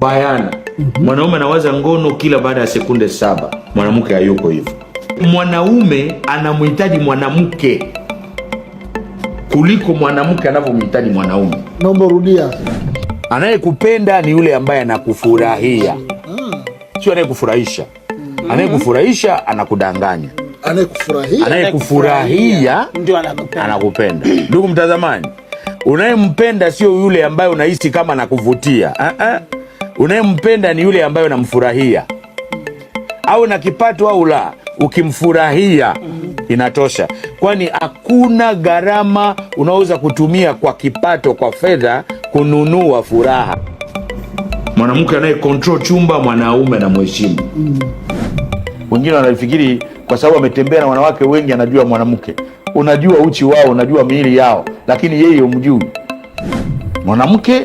bayana mm -hmm. Mwanaume anawaza ngono kila baada ya sekunde saba, mwanamke hayuko hivyo. Mwanaume anamhitaji mwanamke kuliko mwanamke anavyomhitaji mwanaume. Naomba rudia. Anayekupenda ni yule ambaye anakufurahia, ah. sio anayekufurahisha. Mhm. Anayekufurahisha anakudanganya, anayekufurahia ndio anakupenda. Ndugu mtazamani, unayempenda sio yule ambaye unahisi kama anakuvutia. Ah, ah unayempenda ni yule ambaye unamfurahia, au na kipato au la, ukimfurahia inatosha, kwani hakuna gharama unaoweza kutumia kwa kipato, kwa fedha kununua furaha. Mwanamke anaye control chumba, mwanaume na mwheshimu Wengine wanafikiri kwa sababu ametembea na wanawake wengi anajua mwanamke, unajua uchi wao, unajua miili yao, lakini yeye umjui mwanamke.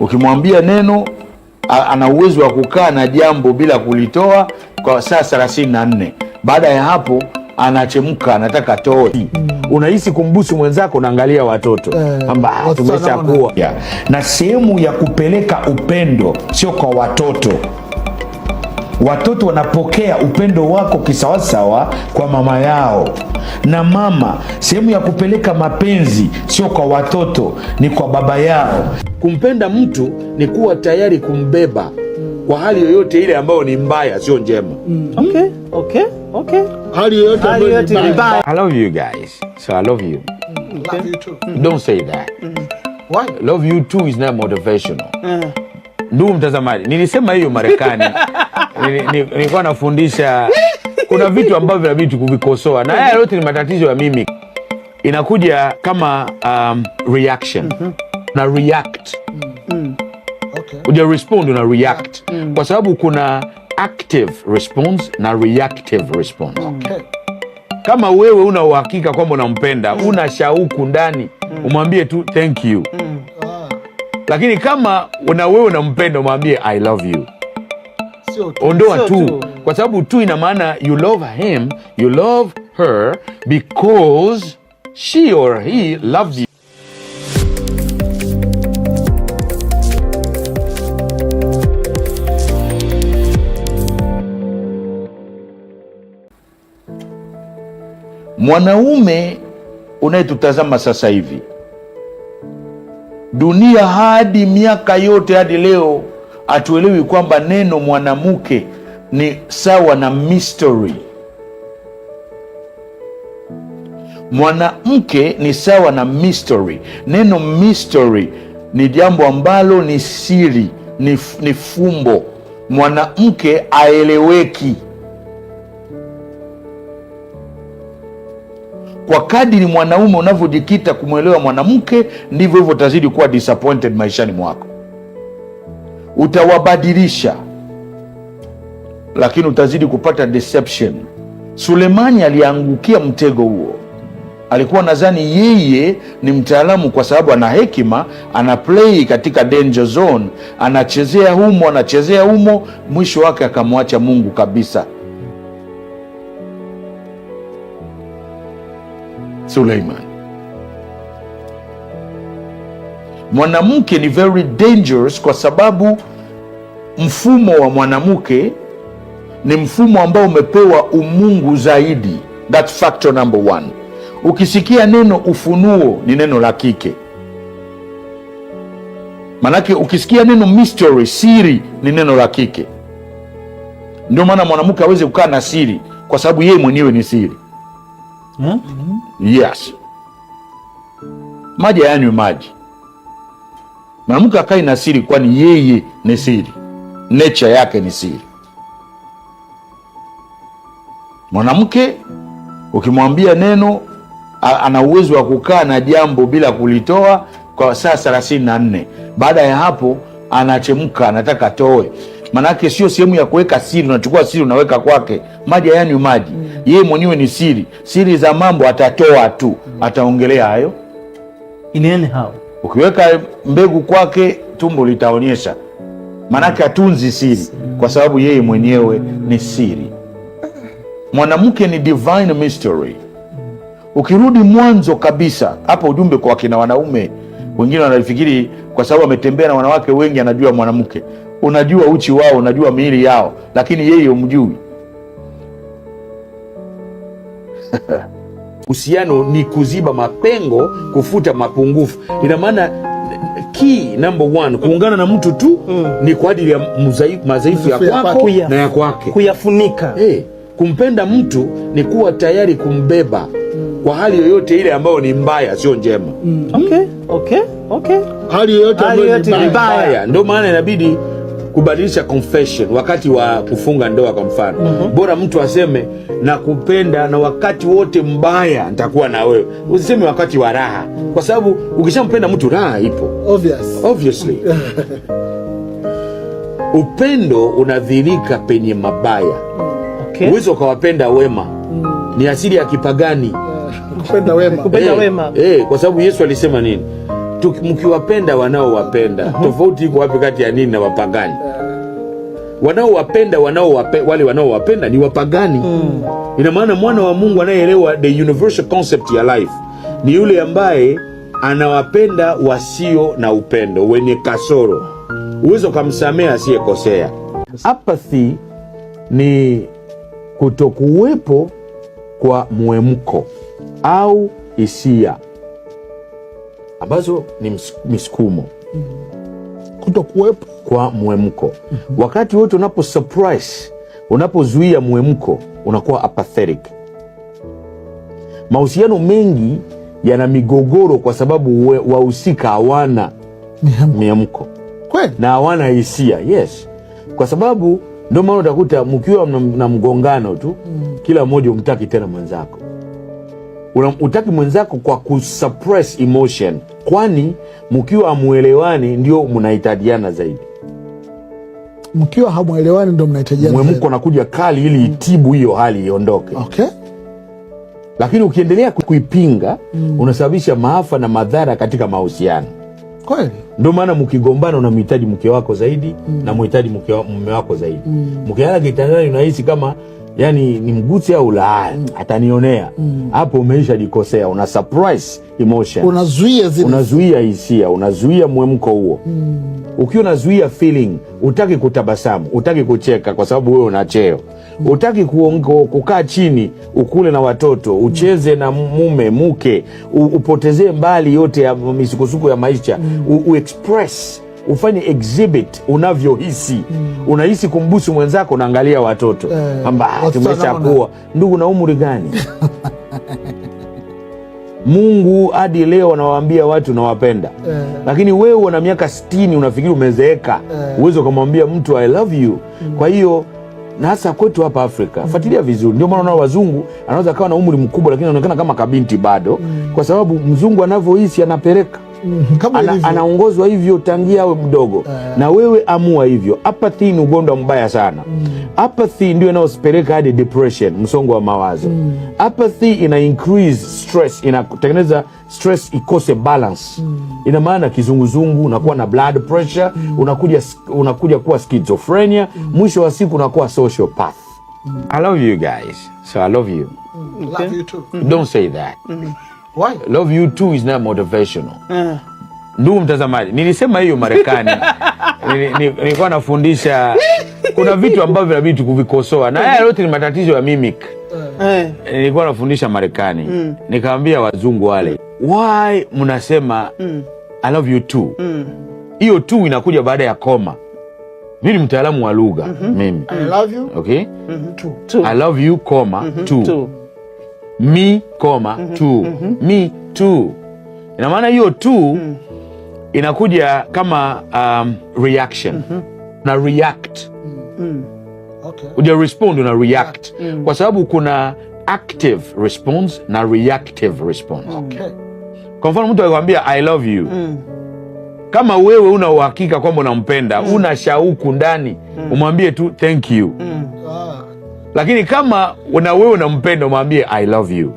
Ukimwambia neno ana uwezo wa kukaa na jambo bila kulitoa kwa saa thelathini na nne. Baada ya hapo anachemka anataka toe. Mm. Unahisi kumbusu mwenzako, unaangalia watoto eh, ah, tumeshakuwa na sehemu ya kupeleka upendo sio kwa watoto watoto wanapokea upendo wako kisawasawa kwa mama yao. Na mama, sehemu ya kupeleka mapenzi sio kwa watoto, ni kwa baba yao. Kumpenda mtu ni kuwa tayari kumbeba kwa hali yoyote ile ambayo ni mbaya, sio njema. Mm. Okay, Don't say that. Mm. Why? Love you too is not motivational. Uh. Ndugu mtazamaji, nilisema hiyo Marekani nilikuwa nafundisha, kuna vitu ambavyo inabidi kuvikosoa, na haya yote ni matatizo ya mimi, inakuja kama um, reaction mm -hmm. na react mm -hmm. okay. uja respond na react mm -hmm. kwa sababu kuna active response na reactive response okay. Kama wewe una uhakika kwamba unampenda, mm. una shauku ndani, mm. umwambie tu thank you mm lakini kama na wewe unampenda umwambie I love you, ondoa tu, tu, kwa sababu tu ina maana you love him, you love her because she or he loves you. Mwanaume unayetutazama sasa hivi dunia hadi miaka yote hadi leo hatuelewi kwamba neno mwanamke ni sawa na mystery. Mwanamke ni sawa na mystery. Neno mystery ni jambo ambalo ni siri, ni, ni fumbo. Mwanamke aeleweki. Kwa kadiri mwanaume unavyojikita kumwelewa mwanamke, ndivyo hivyo utazidi kuwa disappointed maishani mwako. Utawabadilisha, lakini utazidi kupata deception. Sulemani aliangukia mtego huo. Alikuwa nadhani yeye ni mtaalamu kwa sababu ana hekima, ana play katika danger zone, anachezea humo, anachezea humo, mwisho wake akamwacha Mungu kabisa. Suleiman. Mwanamke ni very dangerous kwa sababu mfumo wa mwanamke ni mfumo ambao umepewa umungu zaidi. That factor number one. Ukisikia neno ufunuo ni neno la kike, maanake ukisikia neno mystery, siri ni neno la kike. Ndio maana mwanamke aweze kukaa na siri, kwa sababu yeye mwenyewe ni siri hmm? mm -hmm. Yes, maji hayanywi maji. Mwanamke akai na siri, kwani yeye ni siri, nature yake ni siri. Mwanamke ukimwambia neno, ana uwezo wa kukaa na jambo bila kulitoa kwa saa thelathini na nne. Baada ya hapo anachemka, anataka toe Manake sio sehemu ya kuweka siri, unachukua siri unaweka kwake. Maji hayanywi maji mm. Yeye mwenyewe ni siri. Siri za mambo atatoa tu mm. Ataongelea hayo inene hao. Ukiweka mbegu kwake, tumbo litaonyesha, manake atunzi siri, kwa sababu yeye mwenyewe ni siri. Mwanamke ni divine mystery. Ukirudi mwanzo kabisa, hapa ujumbe kwa kina wanaume wengine wanafikiri kwa sababu ametembea na wanawake wengi, anajua mwanamke unajua uchi wao, unajua miili yao, lakini yeye umjui. Uhusiano ni kuziba mapengo, kufuta mapungufu. Ina maana key number one, kuungana na mtu tu mm. ni kwa ajili ya madhaifu ya kwako kuya, na ya kwake kuyafunika. Hey, eh, kumpenda mtu ni kuwa tayari kumbeba kwa hali yoyote ile ambayo ni mbaya, sio njema mm. mm. okay, okay, okay. hali yoyote ambayo ni mbaya, ndio maana inabidi kubadilisha confession wakati wa kufunga ndoa kwa mfano mm -hmm. Bora mtu aseme nakupenda na wakati wote mbaya nitakuwa na wewe, usiseme wakati wa raha, kwa sababu ukishampenda mtu raha ipo Obvious. Obviously upendo unadhirika penye mabaya. Okay. Uwezo ukawapenda wema mm. Ni asili ya kipagani Kupenda wema. Eh, Kupenda wema. Hey, eh, hey, kwa sababu Yesu alisema nini? mkiwapenda wanaowapenda, tofauti iko wapi kati ya nini na wapagani? Eh. Wanaowapenda wanaowape, wale wanaowapenda ni wapagani mm. Ina maana mwana wa Mungu anayeelewa the universal concept ya life ni yule ambaye anawapenda wasio na upendo, wenye kasoro. Uwezo kamsamea asiyekosea. Apathy ni kutokuwepo kwa mwemko au hisia ambazo ni misukumo mm -hmm. kutokuwepo kwa mwemko mm -hmm. wakati wote unapo surprise, unapozuia mwemko unakuwa apathetic. Mahusiano mengi yana migogoro kwa sababu wahusika hawana mwemko na hawana hisia yes, kwa sababu ndio maana utakuta mkiwa na mgongano tu, mm. kila mmoja umtaki tena mwenzako utaki mwenzako kwa kusuppress emotion, kwani mkiwa hamuelewani ndio mnahitajiana zaidi. Mkiwa hamuelewani ndio mnahitajiana zaidi, mwemko nakuja kali ili itibu mm. hiyo hali iondoke, okay. Lakini ukiendelea kuipinga mm. unasababisha maafa na madhara katika mahusiano. Kweli ndio maana mkigombana, unamhitaji mke wako zaidi mm. na muhitaji mume wako zaidi, mkiana mm. kitandani unahisi kama yani ni mguti au la mm. atanionea mm. hapo mm. umeisha jikosea, una surprise emotion, unazuia zile, unazuia hisia, unazuia mwemko huo mm. ukiwa unazuia feeling, utaki kutabasamu, utaki kucheka kwa sababu wewe una cheo mm. utaki kukaa chini ukule na watoto mm. ucheze mm. na mume mke, upotezee mbali yote ya misukosuko ya maisha mm. u express ufanye exhibit unavyohisi mm. Unahisi kumbusu mwenzako, unaangalia watoto eh, kwamba eh, ah, tumeshakuwa ndugu na umri gani? Mungu hadi leo anawaambia watu nawapenda eh, lakini wewe una miaka stini unafikiri umezeeka eh, ukamwambia mtu I love you mm. Kwa hiyo na hasa kwetu hapa Afrika mm. Fuatilia vizuri, ndio maana wazungu anaweza akawa na umri mkubwa, lakini anaonekana kama kabinti bado mm. Kwa sababu mzungu anavyohisi anapeleka Mhm. ana, anaongozwa hivyo tangia awe mdogo yeah. Na wewe amua hivyo. Apathy ni ugonjwa mbaya sana mm. Apathy ndio inayosipeleka hadi depression, msongo wa mawazo mm. Apathy ina increase stress, inatengeneza stress ikose balance mm. Ina maana kizunguzungu, unakuwa na blood pressure mm. Unakuja, unakuja kuwa schizophrenia mm. Mwisho wa siku unakuwa sociopath mm. I love you guys so I love you mm. Love you too. Don't say that mm. Why? Love you too is not motivational. Uh. Ndugu mtazamaji, nilisema hiyo Marekani nilikuwa nafundisha kuna vitu ambavyo vinabidi tukuvikosoa na haya yote ni matatizo ya mimic. Eh. Eh. Nilikuwa nafundisha Marekani mm. wazungu wale, why mnasema mm. I love you too mm. hiyo mm. inakuja baada ya koma. mili ni mtaalamu wa lugha mhm. Mimi I love you too. I love you koma mhm. too mi koma mm -hmm. tu mm -hmm. mi tu, ina maana hiyo tu mm. inakuja kama um, reaction mm -hmm. na react mm. mm. okay. uja respond una react mm. kwa sababu kuna active response na reactive response okay. Kwa mfano mtu akikwambia I love you mm. kama wewe una uhakika kwamba unampenda mm. una shauku ndani mm. umwambie tu thank you mm. ah. Lakini kama na wewe unampenda, umwambie I love you.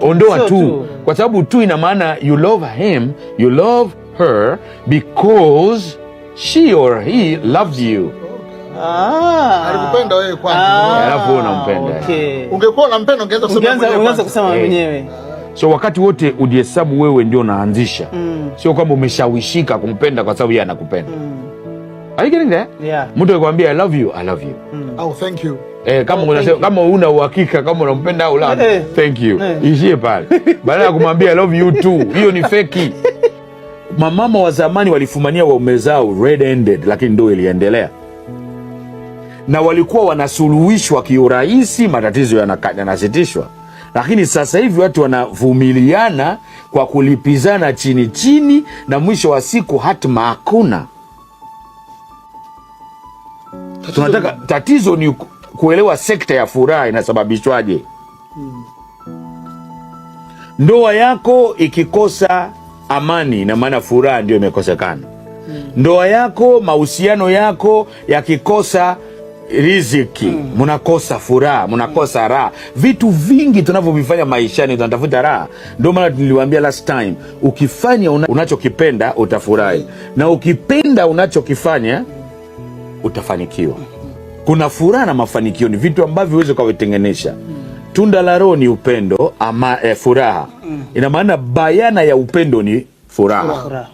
ondoa tu kwa sababu tu ina maana you love him, you love her because she or he loves you. Ah. alikupenda wewe ah, wewe unampenda. Ungekuwa unampenda kusema eh. mwenyewe. So wakati wote ujihesabu wewe ndio unaanzisha, mm. Sio kwamba umeshawishika kumpenda kwa sababu yeye anakupenda mm. Are you getting there? Yeah. Mtu akwambia I love you, I love you. Mm. Oh, thank you. Eh, kama oh, unasema kama una uhakika kama unampenda au la, hey, eh, eh. thank you. Hey. Eh. Ishie pale. Badala ya kumwambia I love you too. Hiyo ni feki. Mamama wa zamani walifumania waume zao red ended, lakini ndio iliendelea. Na walikuwa wanasuluhishwa kiurahisi, matatizo yanasitishwa. lakini sasa hivi watu wanavumiliana kwa kulipizana chini chini, na mwisho wa siku hatima hakuna tunataka tatizo ni kuelewa sekta ya furaha inasababishwaje? hmm. Ndoa yako ikikosa amani, ina maana furaha ndio imekosekana. hmm. Ndoa yako, mahusiano yako yakikosa riziki mm. Munakosa furaha, munakosa hmm, raha. Vitu vingi tunavyovifanya maishani tunatafuta raha. Ndio maana niliwaambia last time, ukifanya unachokipenda utafurahi hmm, na ukipenda unachokifanya utafanikiwa. Kuna furaha na mafanikio, ni vitu ambavyo huwezi ukavitengenesha. Tunda la Roho ni upendo ama, eh, furaha. Ina maana bayana ya upendo ni furaha.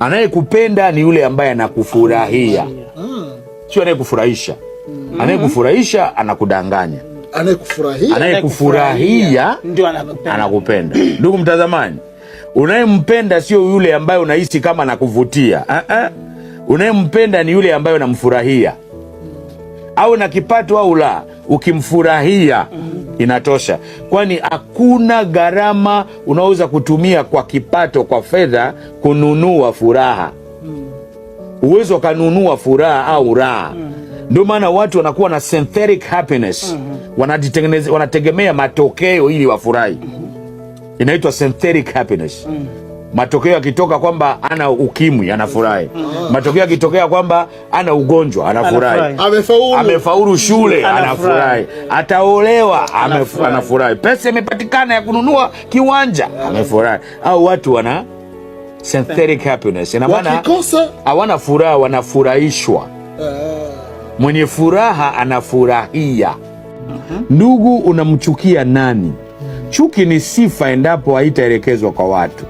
Anayekupenda ni yule ambaye anakufurahia, sio anayekufurahisha. Mm-hmm. Anayekufurahisha anakudanganya, anayekufurahia anakupenda. Ndugu mtazamani, unayempenda sio yule ambaye unahisi kama anakuvutia. Eh, eh unayempenda ni yule ambaye unamfurahia, au na kipato au la, ukimfurahia inatosha, kwani hakuna gharama unaweza kutumia kwa kipato, kwa fedha kununua furaha. Uwezo ukanunua furaha au raha. Ndio maana watu wanakuwa na synthetic happiness, wanategemea matokeo ili wafurahi. Inaitwa synthetic happiness matokeo yakitoka kwamba ana ukimwi anafurahi, mm-hmm. matokeo yakitokea kwamba ana ugonjwa anafurahi, amefaulu, shule anafurahi, ataolewa anafurahi, pesa imepatikana ya kununua kiwanja amefurahi. Au watu wana synthetic happiness, ina maana hawana furaha, wanafurahishwa. Ah. Mwenye furaha anafurahia. Ndugu, unamchukia nani? Chuki ni sifa endapo haitaelekezwa kwa watu.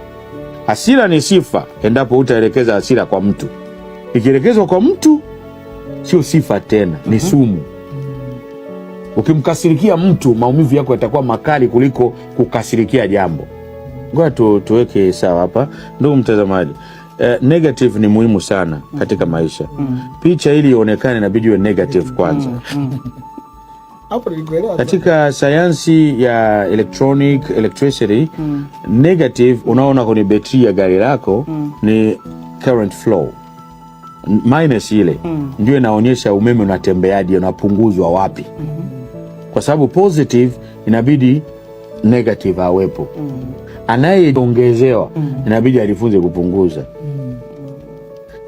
Hasira ni sifa endapo utaelekeza hasira kwa mtu. Ikielekezwa kwa mtu, sio sifa tena, ni mhm. sumu. Ukimkasirikia mtu, maumivu yako yatakuwa makali kuliko kukasirikia jambo. Ngoja tu, tuweke sawa hapa, ndugu mtazamaji. Eh, negative ni muhimu sana katika maisha. Mm. Picha ili ionekane inabidi iwe negative kwanza. Mm, mm, katika sayansi ya electronic electricity mm. negative unaona kwenye betri ya gari lako mm. ni current flow minus ile mm. ndio inaonyesha umeme unatembeaje, unapunguzwa wapi mm -hmm. kwa sababu positive inabidi negative awepo mm. anayeongezewa mm. inabidi alifunze kupunguza mm.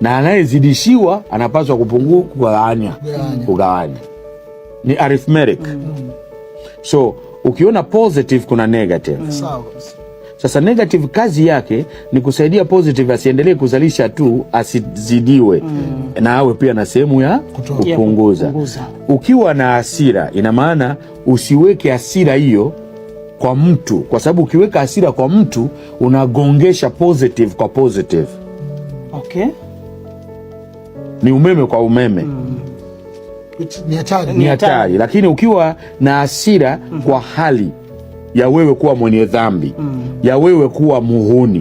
na anayezidishiwa anapaswa kupungua kugawanya kugawanya ni arithmetic mm. So ukiona positive kuna negative mm. Sasa negative kazi yake ni kusaidia positive asiendelee kuzalisha tu, asizidiwe mm. na awe pia na sehemu ya kupunguza. Ukiwa na hasira, ina maana usiweke hasira hiyo kwa mtu, kwa sababu ukiweka hasira kwa mtu unagongesha positive kwa positive. Okay. Ni umeme kwa umeme mm ni hatari, lakini ukiwa na hasira mm -hmm. kwa hali ya wewe kuwa mwenye dhambi mm -hmm. ya wewe kuwa muhuni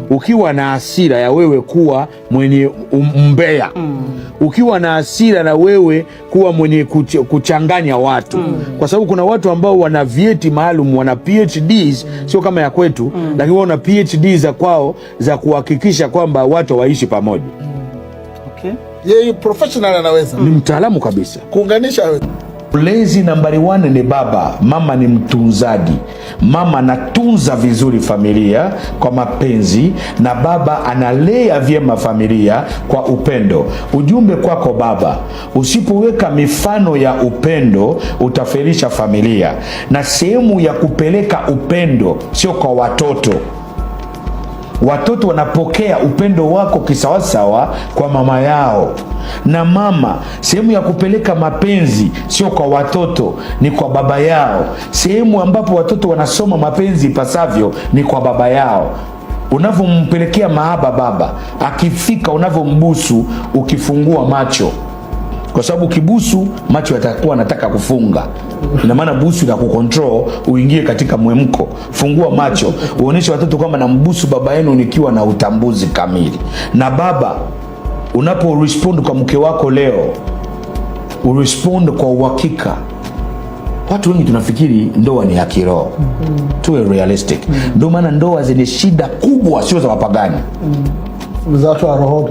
mm. ukiwa na hasira ya wewe kuwa mwenye umbea um, mm. ukiwa na hasira na wewe kuwa mwenye kuch kuchanganya watu mm. kwa sababu kuna watu ambao wana vyeti maalum, wana PhDs, mm. sio kama ya kwetu mm. lakini wana PhD za kwao za kuhakikisha kwamba watu waishi pamoja yeye professional anaweza, ni mtaalamu kabisa kuunganisha Mlezi nambari wane ni baba. Mama ni mtunzaji, mama anatunza vizuri familia kwa mapenzi, na baba analea vyema familia kwa upendo. Ujumbe kwako baba, usipoweka mifano ya upendo utafelisha familia, na sehemu ya kupeleka upendo sio kwa watoto Watoto wanapokea upendo wako kisawasawa kwa mama yao. Na mama, sehemu ya kupeleka mapenzi sio kwa watoto, ni kwa baba yao. Sehemu ambapo watoto wanasoma mapenzi ipasavyo ni kwa baba yao. Unavyompelekea mahaba baba, akifika unavyombusu, ukifungua macho kwa sababu kibusu macho yatakuwa anataka kufunga. Ina maana busu la kukontrol uingie katika mwemko. Fungua macho, uoneshe watoto kwamba nambusu baba yenu nikiwa na utambuzi kamili. Na baba, unapo respond kwa mke wako leo, urespond kwa uhakika. Watu wengi tunafikiri ndoa ni ya kiroho. mm -hmm. Tuwe realistic. Mm-hmm. Ndio maana ndoa zenye shida kubwa sio za wapagani. mm -hmm. za wa roho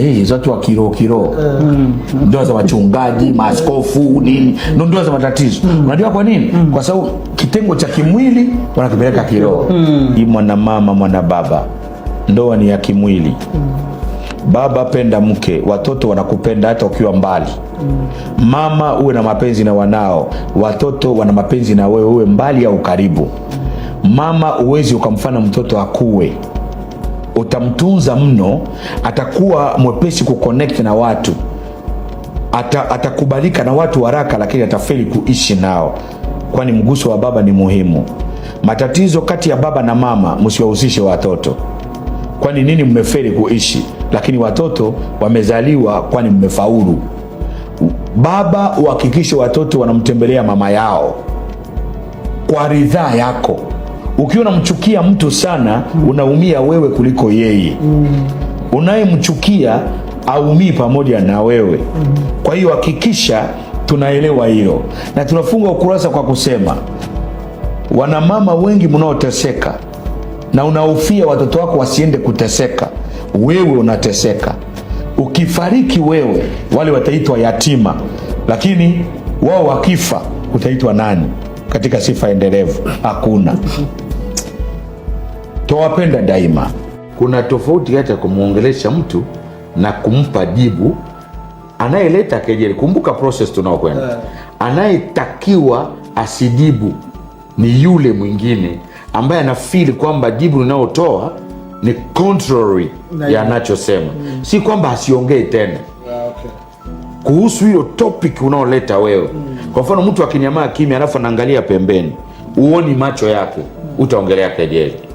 hey, eh, za wa kiroo kiroo mm. ndoa za wachungaji mm. maaskofu nini, ndoa za matatizo mm. unajua kwa nini? mm. kwa sababu kitengo cha kimwili wanakipeleka kiroo mm. i mwana mama mwana baba, ndoa ni ya kimwili mm. Baba penda mke, watoto wanakupenda hata ukiwa mbali mm. Mama uwe na mapenzi na wanao, watoto wana mapenzi na wewe, uwe mbali au karibu. Mm. Mama uwezi ukamfana mtoto akuwe utamtunza mno, atakuwa mwepesi kuconnect na watu ata, atakubalika na watu haraka, lakini atafeli kuishi nao, kwani mguso wa baba ni muhimu. Matatizo kati ya baba na mama msiwahusishe watoto, kwani nini? Mmefeli kuishi, lakini watoto wamezaliwa, kwani mmefaulu. Baba, uhakikishe watoto wanamtembelea mama yao kwa ridhaa yako. Ukiwa unamchukia mtu sana mm. unaumia wewe kuliko yeye mm. unayemchukia aumii pamoja na wewe mm. kwa hiyo hakikisha tunaelewa hiyo na tunafunga ukurasa kwa kusema, wanamama wengi mnaoteseka na unahofia watoto wako wasiende kuteseka, wewe unateseka. Ukifariki wewe, wale wataitwa yatima, lakini wao wakifa, utaitwa nani katika sifa endelevu? Hakuna. Twawapenda daima. Kuna tofauti kati ya kumwongelesha mtu na kumpa jibu. Anayeleta kejeli, kumbuka process tunaokwenda, eh. anayetakiwa asijibu ni yule mwingine ambaye anafili kwamba jibu linalotoa ni contrary ya anachosema, mm. si kwamba asiongee tena yeah, okay. kuhusu hiyo topic unaoleta wewe mm. Kwa mfano mtu akinyamaa kimya alafu anaangalia pembeni, uoni macho yake, mm. utaongelea kejeli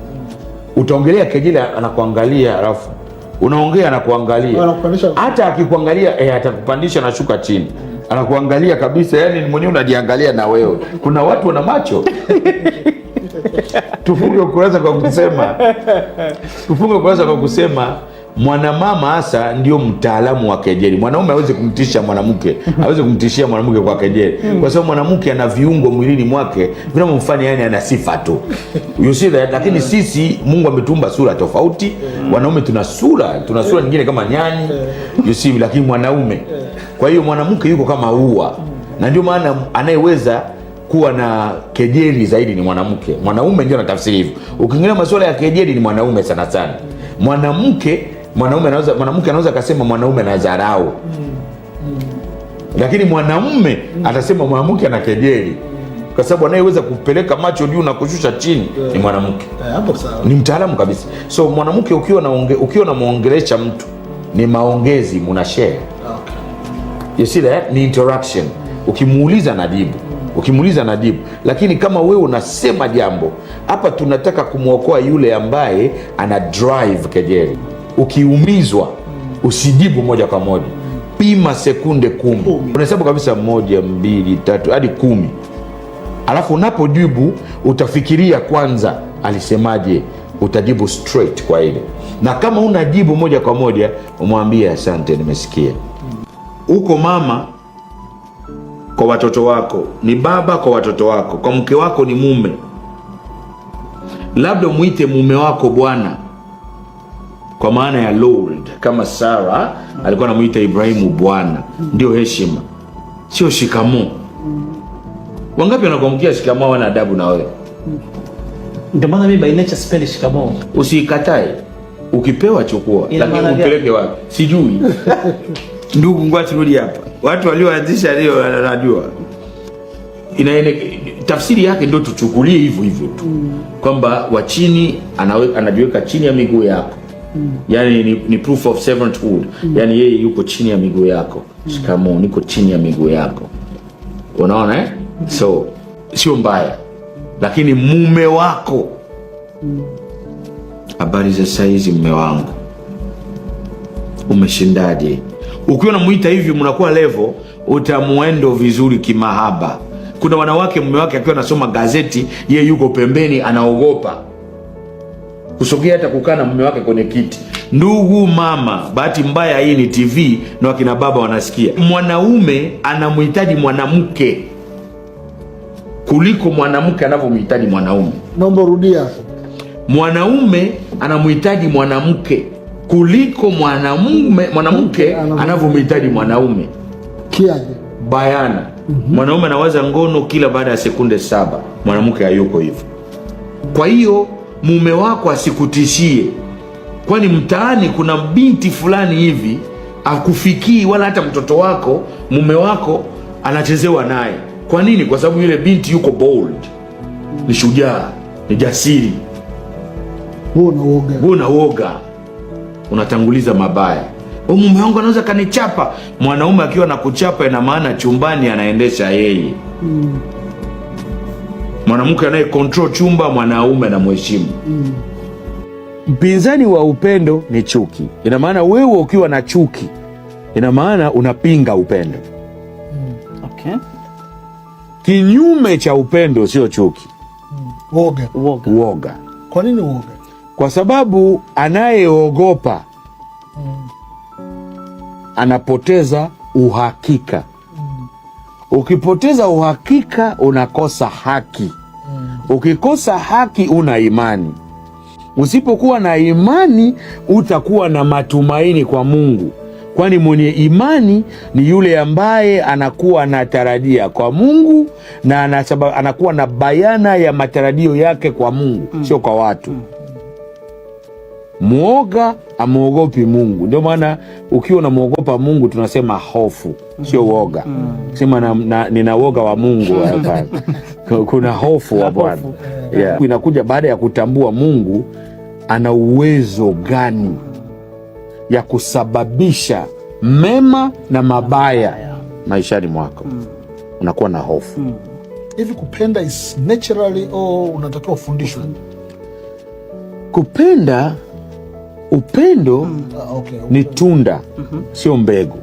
utaongelea kejila, anakuangalia alafu unaongea anakuangalia, hata akikuangalia eh, atakupandisha na shuka chini, anakuangalia kabisa, yani mwenyewe unajiangalia na wewe. Kuna watu wana macho tufunge ukurasa kwa kusema tufunge ukurasa kwa kusema mwanamama hasa ndio mtaalamu wa kejeli. Mwanaume hawezi kumtisha mwanamke, hawezi kumtishia mwanamke kwa kejeli, hmm. kwa sababu mwanamke ana viungo mwilini mwake vinavyomfanya, yani ana sifa tu, you see that. Lakini hmm. sisi Mungu ametumba sura tofauti. Hmm. Wanaume tuna sura, tuna sura nyingine kama nyani, you see, lakini mwanaume. Kwa hiyo mwanamke yuko kama ua, na ndio maana anayeweza kuwa na kejeli zaidi ni mwanamke. Mwanaume ndio anatafsiri hivyo. Ukiangalia masuala ya kejeli ni mwanaume sana sana, mwanamke mwanaume anaweza, mwanamke anaweza akasema mwanaume anadharau mm, mm. lakini mwanaume mm. atasema mwanamke ana kejeli mm. kwa sababu anayeweza kupeleka macho juu na kushusha chini yeah. ni mwanamke yeah, ni mtaalamu kabisa. So mwanamke ukiwa na ukiwa namwongelesha mtu ni maongezi, muna share okay. that? ni interaction, ukimuuliza najibu ukimuuliza jibu lakini kama wewe unasema jambo hapa, tunataka kumwokoa yule ambaye ana drive kejeli ukiumizwa usijibu moja kwa moja, pima sekunde kumi, unahesabu kabisa moja, mbili, tatu hadi kumi, alafu unapojibu utafikiria kwanza, alisemaje? Utajibu straight kwa ile, na kama unajibu moja kwa moja umwambie asante, nimesikia. huko mama kwa watoto wako, ni baba kwa watoto wako, kwa mke wako ni mume, labda mwite mume wako bwana kwa maana ya Lord, kama Sara alikuwa anamuita Ibrahimu bwana. Ndio heshima, sio shikamo Wangapi wanakuamkia shikamo, wana adabu na wewe? Ndio maana mimi by nature sipendi shikamo. Usikatae, ukipewa chukua, lakini upeleke wapi sijui. Ndugu, ngoja turudi hapa. Watu walioanzisha leo wanajua inaene tafsiri yake ndio tuchukulie hivyo hivyo tu, mm. kwamba wa chini anajiweka chini ya miguu yako mm. Yani ni, ni proof of servanthood mm. Yani yeye yuko chini ya miguu yako mm. Shikamoo, niko chini ya miguu yako, unaona eh? mm. So sio mbaya, lakini mume wako mm. habari mm. za saizi, mume wangu umeshindaje? Ukiwa namuita hivi mnakuwa levo, utamwendo vizuri kimahaba. Kuna wanawake mume wake akiwa anasoma gazeti, yeye yuko pembeni anaogopa kusogea hata kukaa na mume wake kwenye kiti. Ndugu mama, bahati mbaya hii ni TV na wakina baba wanasikia. Mwanaume anamhitaji mwanamke kuliko mwanamke anavyomhitaji mwanaume. Naomba rudia hapo. Mwanaume anamhitaji mwanamke kuliko mwanamume mwanamke anavyomhitaji mwanaume. Kiaje? Bayana. Mm -hmm. Mwanaume anawaza ngono kila baada ya sekunde saba, mwanamke hayuko hivyo. Kwa hiyo mume wako asikutishie, kwani mtaani kuna binti fulani hivi akufikii, wala hata mtoto wako mume wako anachezewa naye. Kwa nini? Kwa sababu yule binti yuko bold, ni shujaa, ni jasiri. Wewe woga unatanguliza mabaya. Mume wangu anaweza kanichapa. Mwanaume akiwa na kuchapa, ina maana chumbani anaendesha yeye mm. Mwanamke anaye control chumba, mwanaume anamheshimu. Mpinzani wa upendo ni chuki. Ina maana wewe ukiwa na chuki, ina maana unapinga upendo. Okay. Kinyume cha upendo sio chuki, woga. Woga. Woga. Kwa nini woga? Kwa sababu anayeogopa mm. anapoteza uhakika mm. Ukipoteza uhakika unakosa haki. Ukikosa haki una imani. Usipokuwa na imani utakuwa na matumaini kwa Mungu, kwani mwenye imani ni yule ambaye anakuwa na tarajia kwa Mungu na anasaba, anakuwa na bayana ya matarajio yake kwa Mungu mm. sio kwa watu mm. Mwoga amwogopi Mungu. Ndio maana ukiwa unamwogopa Mungu tunasema hofu, sio woga. mm. Sema na, na, nina woga wa Mungu kuna hofu wa Bwana yeah. Inakuja baada ya kutambua Mungu ana uwezo gani ya kusababisha mema na mabaya maishani mwako. mm. Unakuwa na hofu mm. hivi. mm. Kupenda is naturally oh, unatakiwa ufundishwe kupenda? upendo mm. Ah, okay, ni tunda mm -hmm. sio mbegu.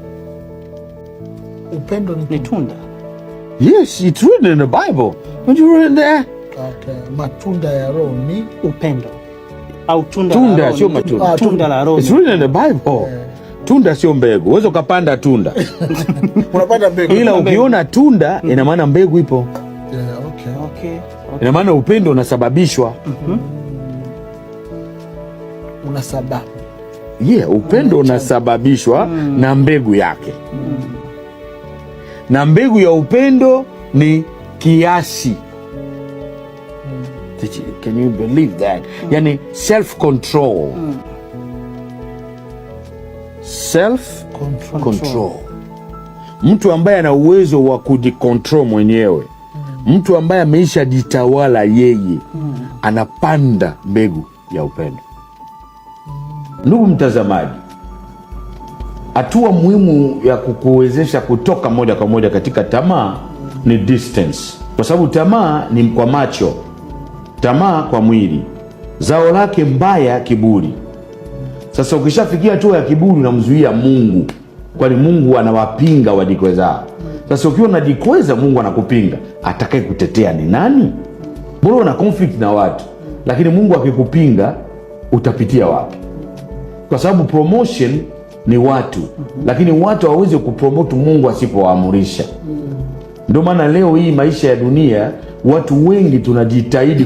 Upendo ni tunda. Yes, it's written in the Bible. Don't you read there? Okay. Matunda ya Roho ni upendo. Au tunda, tunda sio matunda. Ah, tunda la Roho. It's written in the Bible. Yeah. Tunda sio mbegu, uweze ukapanda tunda unapanda mbegu, ila ukiona tunda ina maana mbegu ipo. Yeah, okay. Okay. Okay. Ina maana upendo unasababishwa mm -hmm una sababu yeah, upendo unasababishwa mm. na mbegu yake mm. na mbegu ya upendo ni kiasi mm. you, Can you believe that? Mm. Yani self control mm. self control, control. Mtu ambaye ana uwezo wa kujikontrol mwenyewe mm. mtu ambaye ameisha jitawala yeye mm. anapanda mbegu ya upendo. Ndugu mtazamaji, hatua muhimu ya kukuwezesha kutoka moja kwa moja katika tamaa ni distance, kwa sababu tamaa ni kwa macho, tamaa kwa mwili, zao lake mbaya kiburi. Sasa ukishafikia hatua ya kiburi, unamzuia Mungu, kwani Mungu anawapinga wajikwezao. Sasa ukiwa unajikweza, Mungu anakupinga. Atakaye kutetea ni nani? Bora una conflict na watu, lakini Mungu akikupinga, utapitia wapi? kwa sababu promotion ni watu mm -hmm. Lakini watu hawawezi kupromote Mungu asipoamrisha mm -hmm. Ndio maana leo hii maisha ya dunia watu wengi tunajitahidi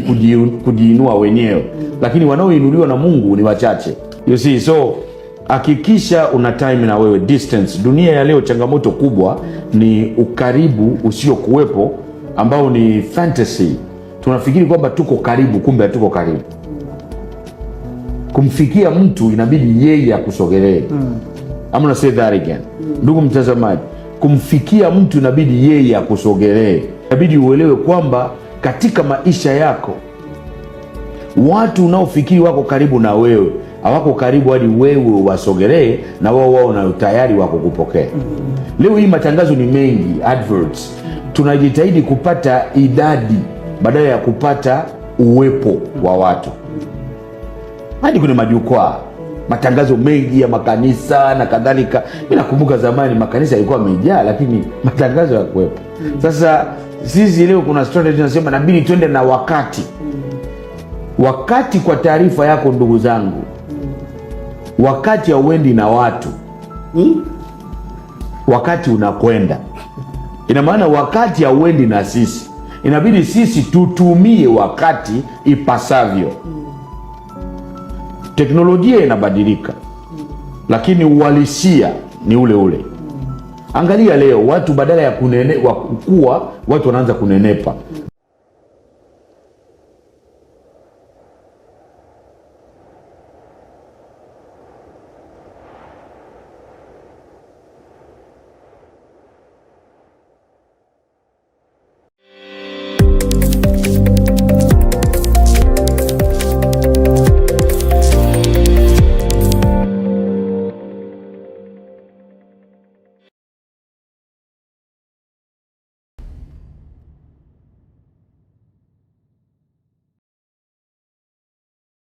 kujiinua wenyewe mm -hmm. Lakini wanaoinuliwa na Mungu ni wachache, you see, so hakikisha una time na wewe distance. Dunia ya leo changamoto kubwa mhm. ni ukaribu usiokuwepo ambao ni fantasy. Tunafikiri kwamba tuko karibu, kumbe hatuko karibu kumfikia mtu inabidi yeye akusogelee mm. I'm gonna say that again mm. Ndugu mtazamaji, kumfikia mtu inabidi yeye akusogelee. Inabidi uelewe kwamba katika maisha yako watu unaofikiri wako karibu na wewe hawako karibu hadi wewe wasogelee, na wao wao na tayari wako kupokea. mm -hmm. Leo hii matangazo ni mengi, adverts. Tunajitahidi kupata idadi badala ya kupata uwepo wa watu hadi kwenye majukwaa matangazo mengi ya makanisa na kadhalika. Mi nakumbuka zamani makanisa yalikuwa yamejaa, lakini matangazo ya kuwepo mm. Sasa sisi leo kuna strategy nabidi twende na wakati. Mm. Wakati kwa taarifa yako ndugu zangu, mm. wakati hauendi na watu, wakati unakwenda. Ina maana wakati hauendi na sisi, inabidi sisi tutumie wakati ipasavyo teknolojia inabadilika, lakini uhalisia ni ule ule. Angalia leo watu badala ya kunenepa, kuwa watu wanaanza kunenepa